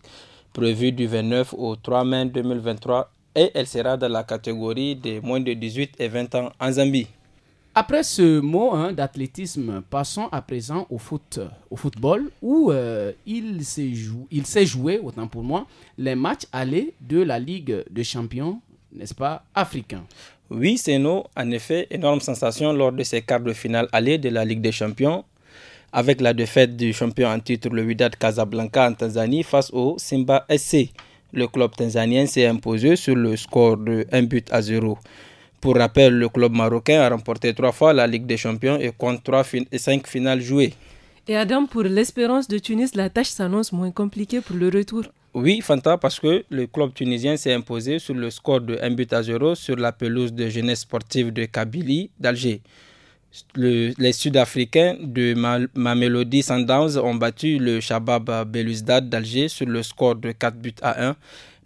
prévu du 29 au 3 mai 2023 et elle sera dans la catégorie des moins de 18 et 20 ans en Zambie. Après ce mot hein, d'athlétisme, passons à présent au foot, au football, où euh, il s'est joué, autant pour moi, les matchs allés de la Ligue des champions, n'est-ce pas, africain. Oui, c'est nous, en effet, énorme sensation lors de ces quarts de finale allés de la Ligue des champions, avec la défaite du champion en titre, le Widat Casablanca en Tanzanie, face au Simba SC. Le club tanzanien s'est imposé sur le score de 1 but à 0. Pour rappel, le club marocain a remporté trois fois la Ligue des Champions et compte trois et cinq finales jouées. Et Adam, pour l'espérance de Tunis, la tâche s'annonce moins compliquée pour le retour. Oui, Fanta, parce que le club tunisien s'est imposé sur le score de 1 but à 0 sur la pelouse de jeunesse sportive de Kabylie d'Alger. les Sud-Africains de Mamelody Sundowns ont battu le Shabab Belouizdad d'Alger sur le score de 4 buts à 1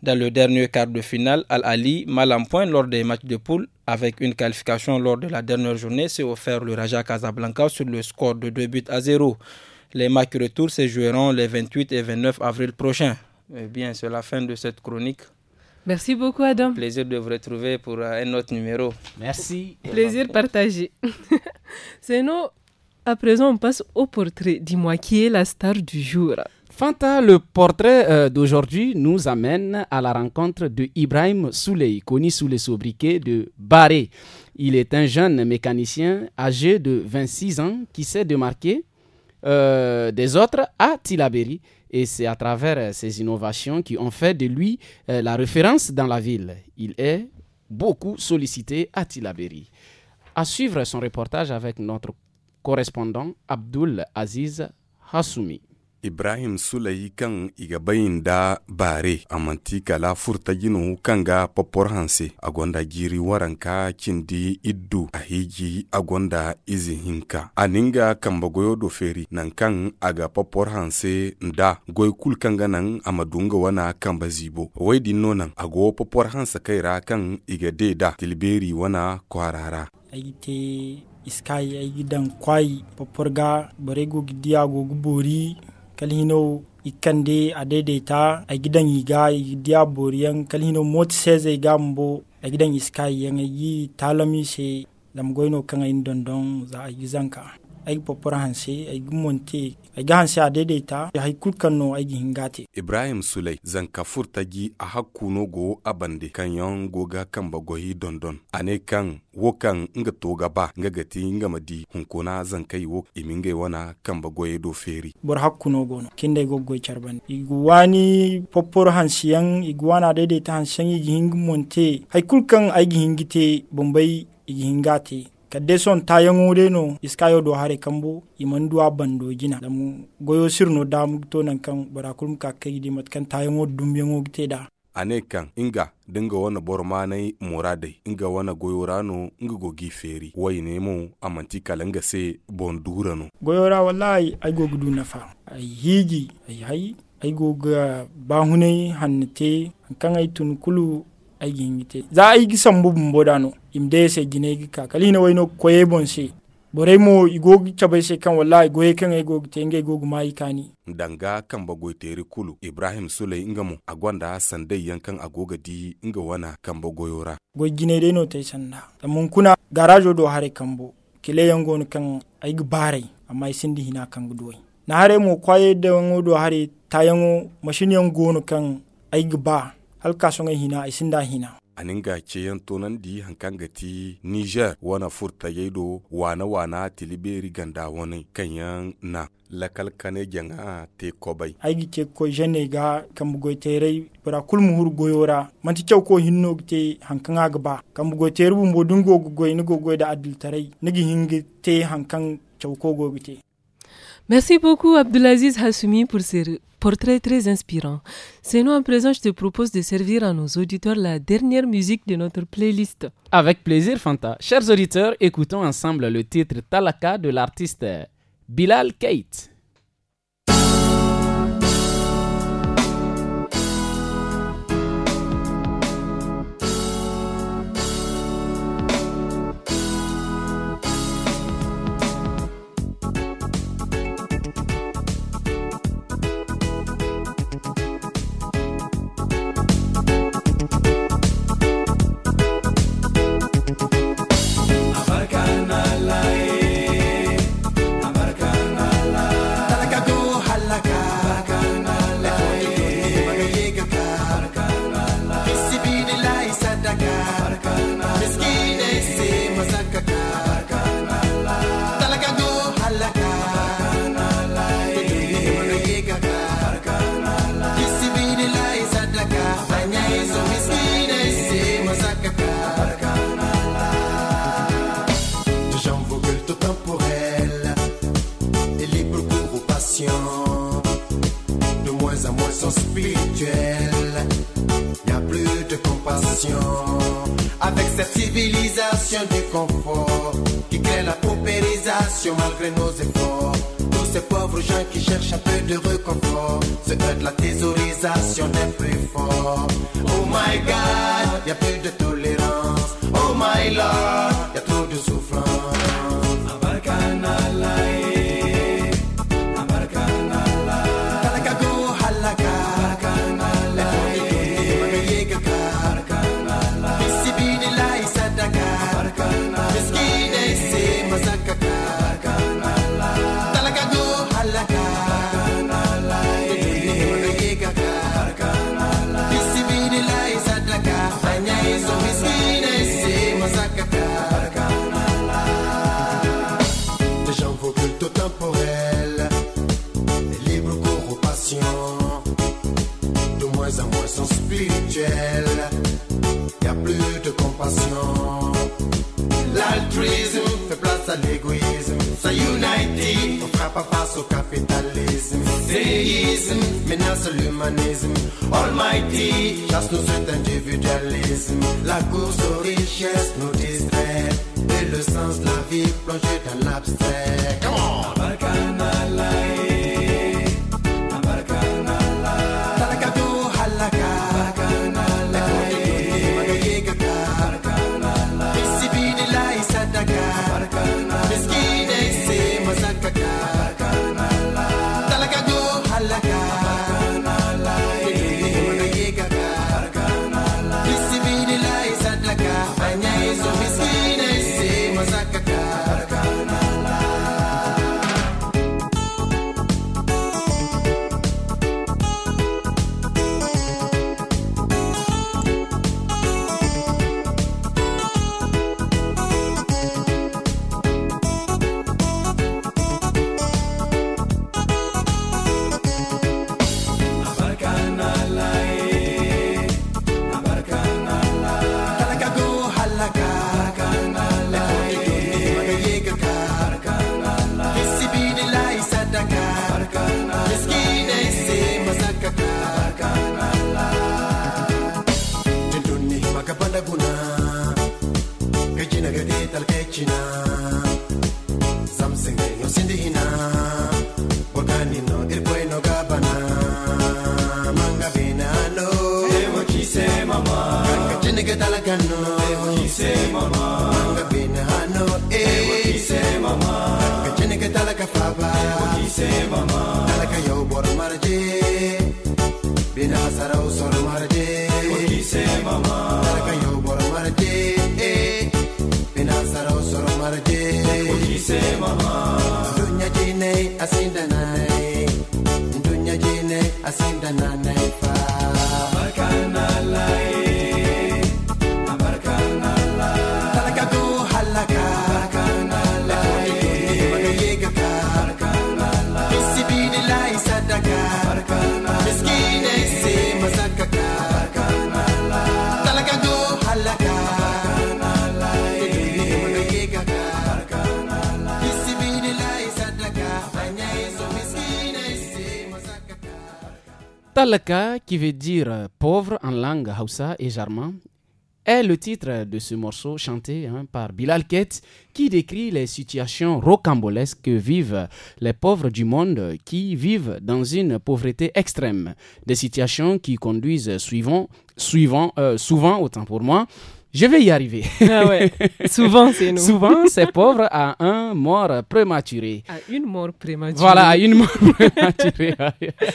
dans le dernier quart de finale, Al-Ali, mal en point lors des matchs de poule, avec une qualification lors de la dernière journée, s'est offert le Raja Casablanca sur le score de 2 buts à 0. Les matchs retour se joueront les 28 et 29 avril prochains. Eh bien, c'est la fin de cette chronique. Merci beaucoup, Adam. Plaisir de vous retrouver pour euh, un autre numéro. Merci. Plaisir partagé. c'est nous. À présent, on passe au portrait. Dis-moi qui est la star du jour. Fanta, le portrait euh, d'aujourd'hui nous amène à la rencontre de Ibrahim Souley, connu sous le sobriquet de Baré. Il est un jeune mécanicien âgé de 26 ans qui s'est démarqué euh, des autres à Tilaberi. Et c'est à travers ses euh, innovations qui ont fait de lui la référence dans la ville. Il est beaucoup sollicité à Tilaberi. À suivre son reportage avec notre correspondant Abdul Aziz Hassoumi. ibrahim sulayi kan igabayin da bare mantika la furta ginu kan ga popor hanse gwanda giri waranka kindi iddu a higi agonda izihinka ninga kamba goyo do feri nan kan aga popor hanse nda goy kul kanga nan madunga wana kamba zibo wai dinno a go popor hansa kaira kan igade da tilberi wana kwarara aite iskai yi gidan kwai popor ga barego gidiya go gubori kalhino ikande a daidaita a gidan yiga diya boriyan kalhino moti seze ga mbo a gidan iska yi yi talami se lamgoino kan ayin dondon za a yi zanka ay popor hanse ay gumonte ay ga hanse a daidaita ya hay kulkan no ay hingate ibrahim sulai zanka gi a hakkuno go abande kan yon goga kan bagohi dondon ane kan wokan nga toga ba nga gati nga madi hunkona yi wok iminga wana kan bagoye do feri bor hakkuno go no kinde go go charban igwani popor hansiyan igwana daidaita hansiyan igi hingumonte hay kulkan ay gihingite bombay igi hingate kadde son ta yanŋode no iskayo do hare kambo imanduwa bando gina dam goyo sirno dam to nan kan bara ka kai d'i mat kan ta yanŋo dum yanŋo giteda ane kan inga dinga wana bormanai muradai inga wana rano inga gogi feri wai nemo amanti kalanga se bon durano goyora wallahi ai gogi du nafa ai higi ai hai ai goga ah, bahunai hannate kan ai tunkulu ai gingite za ai gisan bubun bodano imdese ginegi kakali na waino koye bonse borai mo igogi cabai se kan walla igoye kan ai tenge te mai kani danga kan ba teri kulu ibrahim sulai inga mu agwanda sandai yankan agoga di inga wana kan ba goyora jine gine dai no tai sanda mun kuna garajo do hare kambo kile yango kan ai gbarai amma sindi hina kan gudoi na hare mo kwaye da wango do hare tayango mashin yango kan ai gba halka sun hina ai hina aninga ceyan tonan di ga ti niger wana furta yeido wana wana tiliberi ganda wani kanyan na lakal kane janga te kobai aigi ke ko jene ga kambugo terei bura kul muhur goyora manti cew ko hinno te hankanga gaba kambugo teru bo dungo goy ni gogoy da adil tarai nigi hingi te hankan cew ko gogite Merci beaucoup abdulaziz Hassoumi pour ces portrait très inspirant. C'est nous à présent, je te propose de servir à nos auditeurs la dernière musique de notre playlist. Avec plaisir, Fanta. Chers auditeurs, écoutons ensemble le titre Talaka de l'artiste Bilal Kate. avec cette civilisation du confort qui crée la paupérisation malgré nos efforts. Tous ces pauvres gens qui cherchent un peu de reconfort se heurtent la thésaurisation des plus forts. Oh my god, y a plus de tolérance. Oh my lord, y a trop de souffrance. à l'égoïsme. Ça unite, on frappe face au capitalisme. Séisme, menace l'humanisme. Almighty, chasse nous cet individualisme. La course aux richesses nous distrait. Et le sens de la vie plongé dans l'abstrait. Come on! Talaka, qui veut dire euh, pauvre en langue Hausa et Jarman, est le titre de ce morceau chanté hein, par Bilal Ket qui décrit les situations rocambolesques que vivent les pauvres du monde qui vivent dans une pauvreté extrême. Des situations qui conduisent suivant, suivant, euh, souvent, autant pour moi, je vais y arriver. Ah Souvent, c'est nous. Souvent, c'est pauvre à un mort prématuré. À une mort prématurée. Voilà, à une mort prématurée.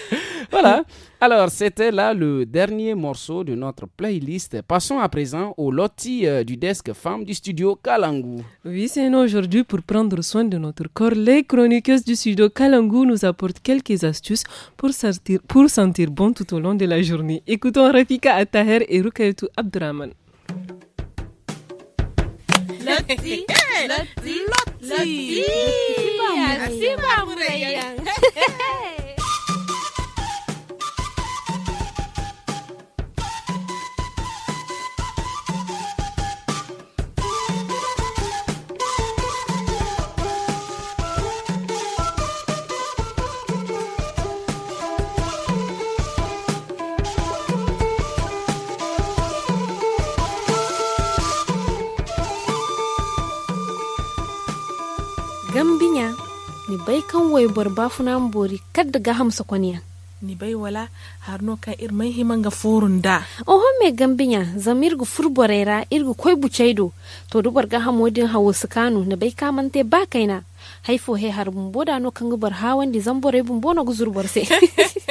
voilà. Alors, c'était là le dernier morceau de notre playlist. Passons à présent au loti euh, du desk femme du studio Kalangu. Oui, c'est nous aujourd'hui pour prendre soin de notre corps. Les chroniqueuses du studio Kalangu nous apportent quelques astuces pour sentir, pour sentir bon tout au long de la journée. Écoutons Rafika Attaher et Rukaitu Abdraman. Lottie, Lottie, Lottie, Lotsi. Siba murayang. Siba murayang. ni bai kan way bafunan bori kadda ga hamsa kwaniya ni bai wala no ka ir mai ga furun da oho mai gambinya zamir gu furborera ir gu koy buceido to du borga hawo sukanu na bay kamante ba kaina haifo he har bumbo da no kan gubar hawan di zambore bumbo no guzur borse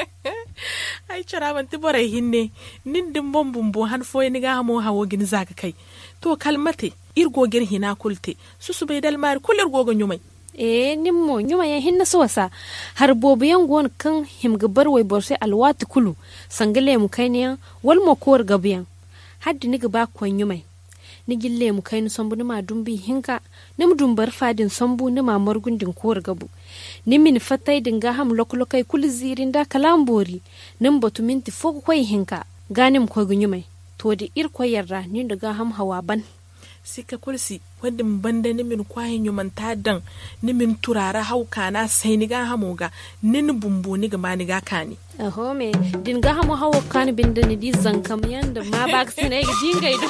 ai cara ban ti bore hinne nin din bon bumbo han foye ni ga hamo hawo gin zaka kai to kalmate irgogin hina kulte susu bai dalmar kulle gogon yumai e eh, nimmo nyuma ya hinna wasa. har bobu gon kan himgabar wai borse alwati kulu sangale mu kai ne wal mo kor gabiyan haddi ni gaba ko nyuma ni gille mu kai ni sombu ni ma dumbi hinka ni mu dumbar fadin sombu ni ma morgun din kor gabu ni min fatai din ga ham lokolokai kul zirin da kalambori nan batu minti fo koi hinka ganim ko gnyuma to da ir koyarra ni daga ham hawa ban sika kursi wadda banda nimin kwayin yuman tadan nimin turara hauka na sai ni ga hamo ga nin bumbu ni gama ni ga kani aho me din ga hamo hawo kani binda ni di zankam yanda ma ba ka sene dinga ido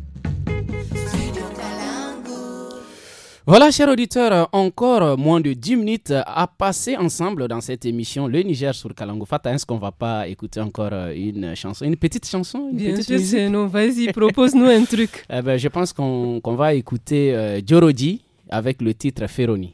Voilà, chers auditeurs, encore moins de 10 minutes à passer ensemble dans cette émission Le Niger sur Kalango Fata. Est-ce qu'on va pas écouter encore euh, une chanson, une petite chanson Bien sûr, Vas-y, propose-nous un truc. Eh ben, je pense qu'on va écouter euh, Djorodi avec le titre Feroni.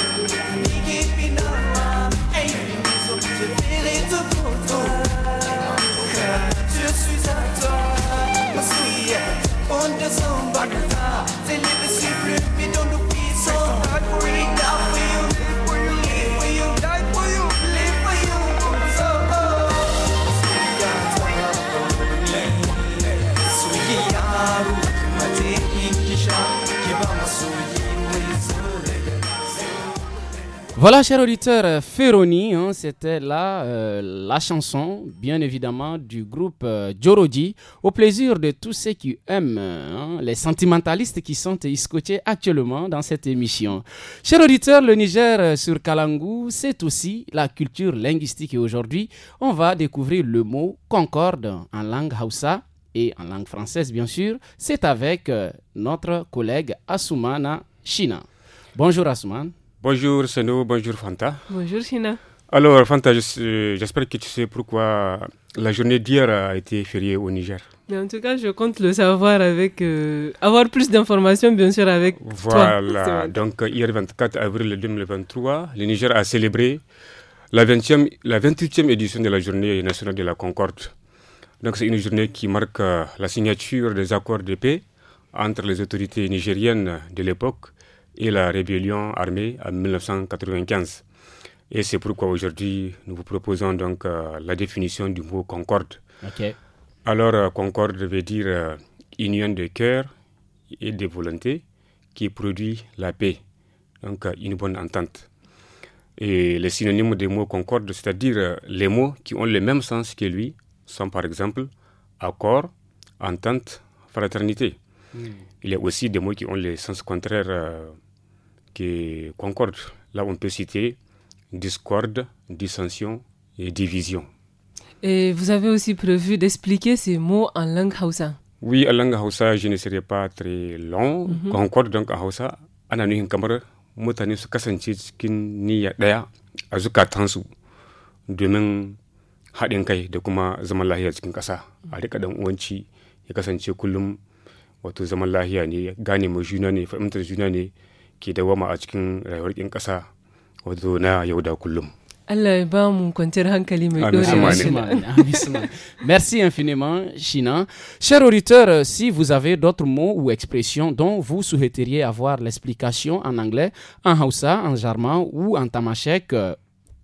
Voilà, cher auditeur, euh, Ferroni, hein, c'était là euh, la chanson, bien évidemment, du groupe Djorodi. Euh, au plaisir de tous ceux qui aiment hein, les sentimentalistes qui sont escotés actuellement dans cette émission. Chers auditeurs, le Niger sur Kalangu, c'est aussi la culture linguistique et aujourd'hui, on va découvrir le mot concorde en langue Hausa et en langue française, bien sûr. C'est avec notre collègue Asumana China. Bonjour Asuman. Bonjour Seno, bonjour Fanta. Bonjour Sina. Alors Fanta, j'espère que tu sais pourquoi la journée d'hier a été fériée au Niger. Mais en tout cas, je compte le savoir avec... Euh, avoir plus d'informations, bien sûr, avec... Voilà, donc hier 24 avril 2023, le Niger a célébré la, 20e, la 28e édition de la journée nationale de la Concorde. Donc c'est une journée qui marque euh, la signature des accords de paix entre les autorités nigériennes de l'époque et la rébellion armée en 1995. Et c'est pourquoi aujourd'hui, nous vous proposons donc euh, la définition du mot concorde. Alors, euh, concorde veut dire euh, union de cœur et de volonté qui produit la paix, donc une bonne entente. Et les synonymes des mots concorde, c'est-à-dire les mots qui ont le même sens que lui, sont par exemple accord, entente, fraternité. Mm. Il y a aussi des mots qui ont le sens contraire euh, qui concordent. Là, on peut citer discorde, dissension et division. Et vous avez aussi prévu d'expliquer ces mots en langue Hausa. Oui, en langue Hausa, je ne serai pas très long. Mm Concorde donc en Hausa, ana nuhin kamar mutane su kasance cikin niyya ɗaya a azuka domin haɗin kai da kuma zaman lahiya cikin kasa A riƙa ɗan uwanci ya kasance kullum Allah Merci infiniment, China. Chers auditeurs, si vous avez d'autres mots ou expressions dont vous souhaiteriez avoir l'explication en anglais, en Hausa, en Jarman ou en Tamashek, euh,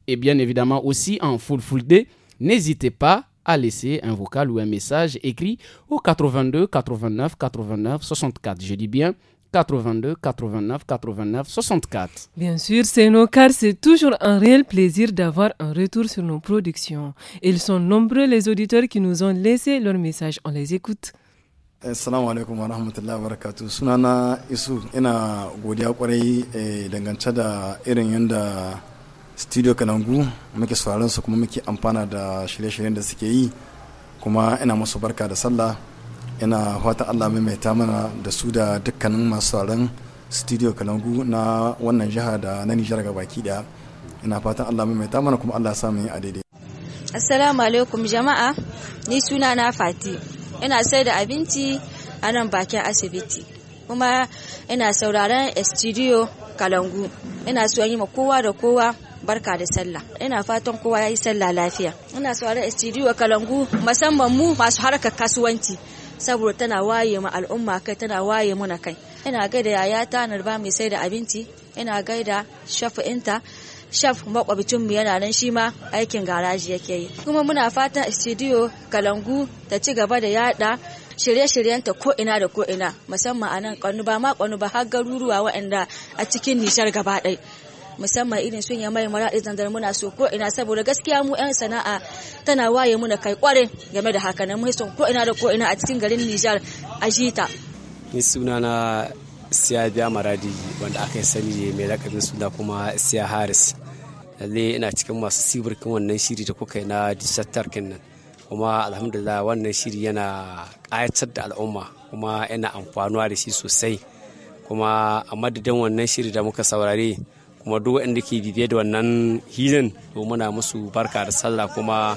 et bien évidemment aussi en Fulfulde, n'hésitez pas à laisser un vocal ou un message écrit au 82 89 89 64. Je dis bien 82 89 89 64. Bien sûr, c'est nos car c'est toujours un réel plaisir d'avoir un retour sur nos productions. Ils sont nombreux les auditeurs qui nous ont laissé leur message. On les écoute. wa ina eh, studio kanangu muke sauraron su kuma muke amfana da shirye-shiryen da suke yi kuma ina musu barka da sallah ina fata allah mai ta mana da su da dukkanin masu sauraron studio kalangu na wannan jiha da na nijar ga baki daya ina fata allah mai ta mana kuma allah samu yi a daidai assalamu alaikum jama'a ni suna na fati ina sai da abinci a nan bakin asibiti kuma ina sauraron studio kalangu ina so yi ma kowa da kowa barka da sallah ina fatan kowa ya yi sallah lafiya ina saurari studio kalangu musamman mu masu harkar kasuwanci saboda tana waye mu al'umma kai tana waye muna kai ina gaida yayata narba mai sai da abinci ina gaida inta shaf makwabcin mu yana nan shi ma aikin garaji yake yi kuma muna fatan studio kalangu ta ci gaba da yada shirye-shiryenta ko ina da ko ina musamman a nan kwanu ba ma kwanu ba har garuruwa waɗanda a cikin nishar gaba ɗaya musamman irin sun ya mai maraɗi zandar muna so ko ina saboda gaskiya mu 'yan sana'a tana waye muna kai kware game da haka nan mun ko ina da ko ina a cikin garin Nijar a jita. Ni sunana Siya Biya Maradi wanda aka sani mai lakabin suna kuma Siya Haris. Lalle ina cikin masu sibirkin wannan shiri da kuka yi na digital nan. kuma alhamdulillah wannan shiri yana ƙayatar da al'umma kuma yana amfanuwa da shi sosai kuma a madadin wannan shiri da muka saurare kuma duk wanda ke bibiye da wannan hilin to muna musu barka da sallah kuma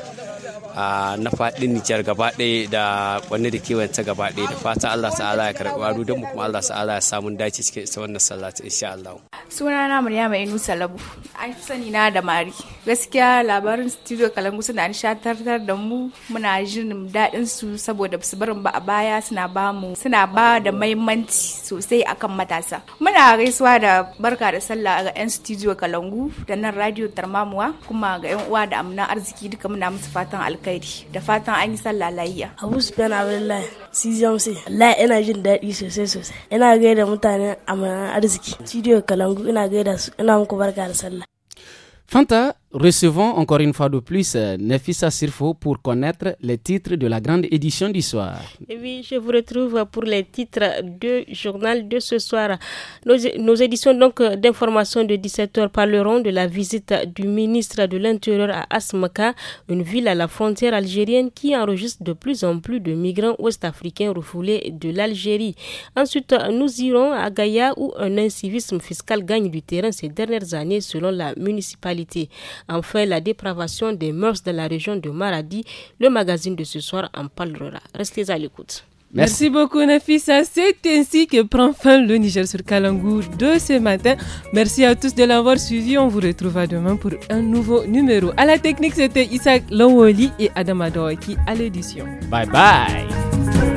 na faɗin Nijar gaba ɗaya da wani da kewanta gaba ɗaya da fata Allah ta'ala ya karɓi aro don kuma Allah ta'ala ya samu dace cikin ita wannan sallah ta insha Allah. Sunana Maryama Inu Salabu, an sani na da Mari. Gaskiya labarin Studio Kalangu suna nishadantar da mu muna jin daɗin su saboda su barin ba a baya suna ba mu suna ba da maimanci sosai akan matasa. Muna gaisuwa da barka da sallah ga 'yan Studio Kalangu da nan Radio Tarmamuwa kuma ga 'yan uwa da amna arziki duka muna musu fatan alkhairi. alkhairi da fatan an yi sallah lafiya abu sufyan abdullahi cgm sai allah ina jin daɗi sosai sosai ina gaida mutane a arziki studio kalangu ina gaida su ina muku barka da sallah fanta Recevons encore une fois de plus euh, Nefissa Sirfo pour connaître les titres de la grande édition du soir. oui, je vous retrouve pour les titres du journal de ce soir. Nos, éditions donc euh, d'information de 17h parleront de la visite du ministre de l'Intérieur à Asmaka, une ville à la frontière algérienne qui enregistre de plus en plus de migrants ouest-africains refoulés de l'Algérie. Ensuite, nous irons à Gaïa où un incivisme fiscal gagne du terrain ces dernières années selon la municipalité. Enfin, la dépravation des mœurs de la région de Maradi. Le magazine de ce soir en parlera. Restez à l'écoute. Merci. beaucoup Nafisa. C'est ainsi que prend fin le Niger sur Kalangou de ce matin. Merci à tous de l'avoir suivi. On vous retrouvera demain pour un nouveau numéro. À la technique, c'était Isaac Lowoli et Adam Adoaki à l'édition. Bye bye.